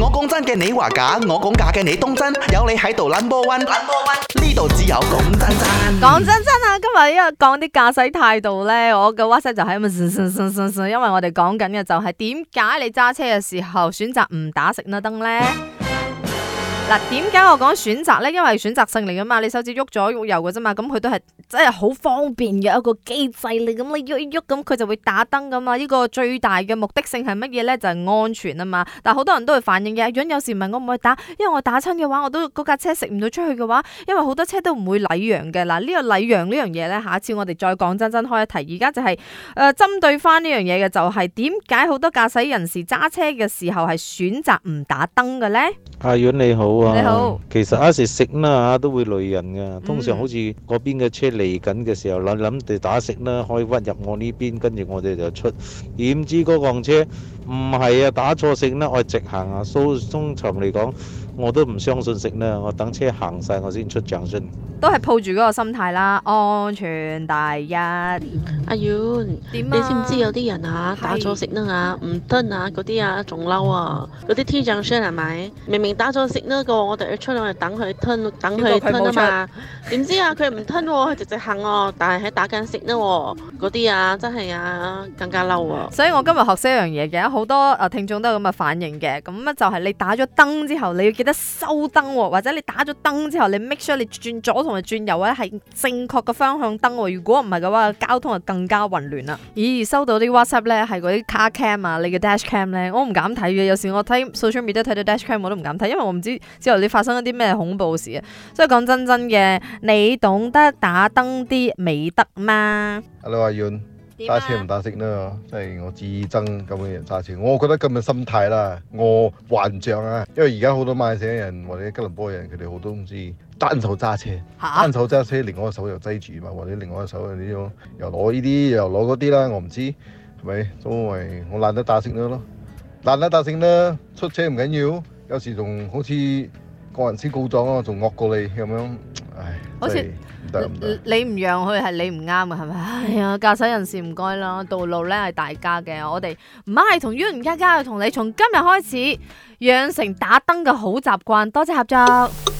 我講真嘅，你話假；我講假嘅，你當真。有你喺度 number one，number one，呢度只有講真真。講真真啊，今日因為講啲駕駛態度咧，我嘅 WhatsApp 就喺度，因為我哋講緊嘅就係點解你揸車嘅時候選擇唔打 signal 燈咧？ 嗱，點解我講選擇咧？因為選擇性嚟噶嘛，你手指喐咗喐右噶啫嘛，咁佢都係真係好方便嘅一個機制嚟，咁你喐一喐，咁佢就會打燈噶嘛。呢個最大嘅目的性係乜嘢咧？就係、是、安全啊嘛。但好多人都會反映嘅，阿、啊、遠有時問我唔可以打，因為我打親嘅話，我都嗰架車食唔到出去嘅話，因為好多車都唔會禮讓嘅。嗱、啊，這個、禮呢個禮讓呢樣嘢咧，下一次我哋再講真真開一題。而家就係、是、誒、針、呃、對翻呢樣嘢嘅就係點解好多駕駛人士揸車嘅時候係選擇唔打燈嘅咧？阿、啊、遠你好。你好，啊、其實有時 signal 都會累人噶。通常好似嗰邊嘅車嚟緊嘅時候，諗諗地打 signal，開屈入我呢邊，跟住我哋就出。點知嗰個車唔係啊，打錯 signal，我係直行啊。蘇通常嚟講。我都唔相信食呢。我等車行晒我先出賬先。都係抱住嗰個心態啦，安全第一。阿 U 點啊？你知唔知有啲人啊打咗食呢、啊？啊唔吞啊嗰啲啊仲嬲啊嗰啲 T 賬單係咪？明明打咗食呢個，我哋要出嚟等佢吞，等佢吞，吞啊嘛。點知啊佢唔吞喎、啊， 直接行我、啊。但係喺打緊食呢、啊？嗰啲啊真係啊更加嬲啊。所以我今日學識一樣嘢嘅，好多啊聽眾都有咁嘅反應嘅。咁啊就係你打咗燈之後，你要記得。一收燈，或者你打咗燈之後，你 make sure 你轉左同埋轉右咧係正確嘅方向燈。如果唔係嘅話，交通就更加混亂啦。咦，收到啲 WhatsApp 咧係嗰啲 car cam 啊，你嘅 dash cam 咧，我唔敢睇嘅。有時我睇 social media 睇到 dash cam，我都唔敢睇，因為我唔知之後你發生一啲咩恐怖事啊。所以講真真嘅，你懂得打燈啲美德嗎？Hello，阿 Yun 揸車唔打 signal，即係我最憎咁嘅人揸車，我覺得咁嘅心態啦，我幻想啊，因為而家好多賣車嘅人或者吉隆坡嘅人，佢哋好多唔知單。單手揸車，單手揸車，另外一手又擠住嘛，或者另外一手又呢種又攞呢啲又攞嗰啲啦，我唔知係咪，所以我懶得打 signal 咯，懶得打 signal，出車唔緊要緊，有時仲好似個人先告狀咯，仲惡過你咁樣。好似你唔讓佢係你唔啱嘅，係咪？係啊，駕駛人士唔該啦，道路咧係大家嘅，我哋唔係同冤家家，係同你從今日開始養成打燈嘅好習慣，多謝合作。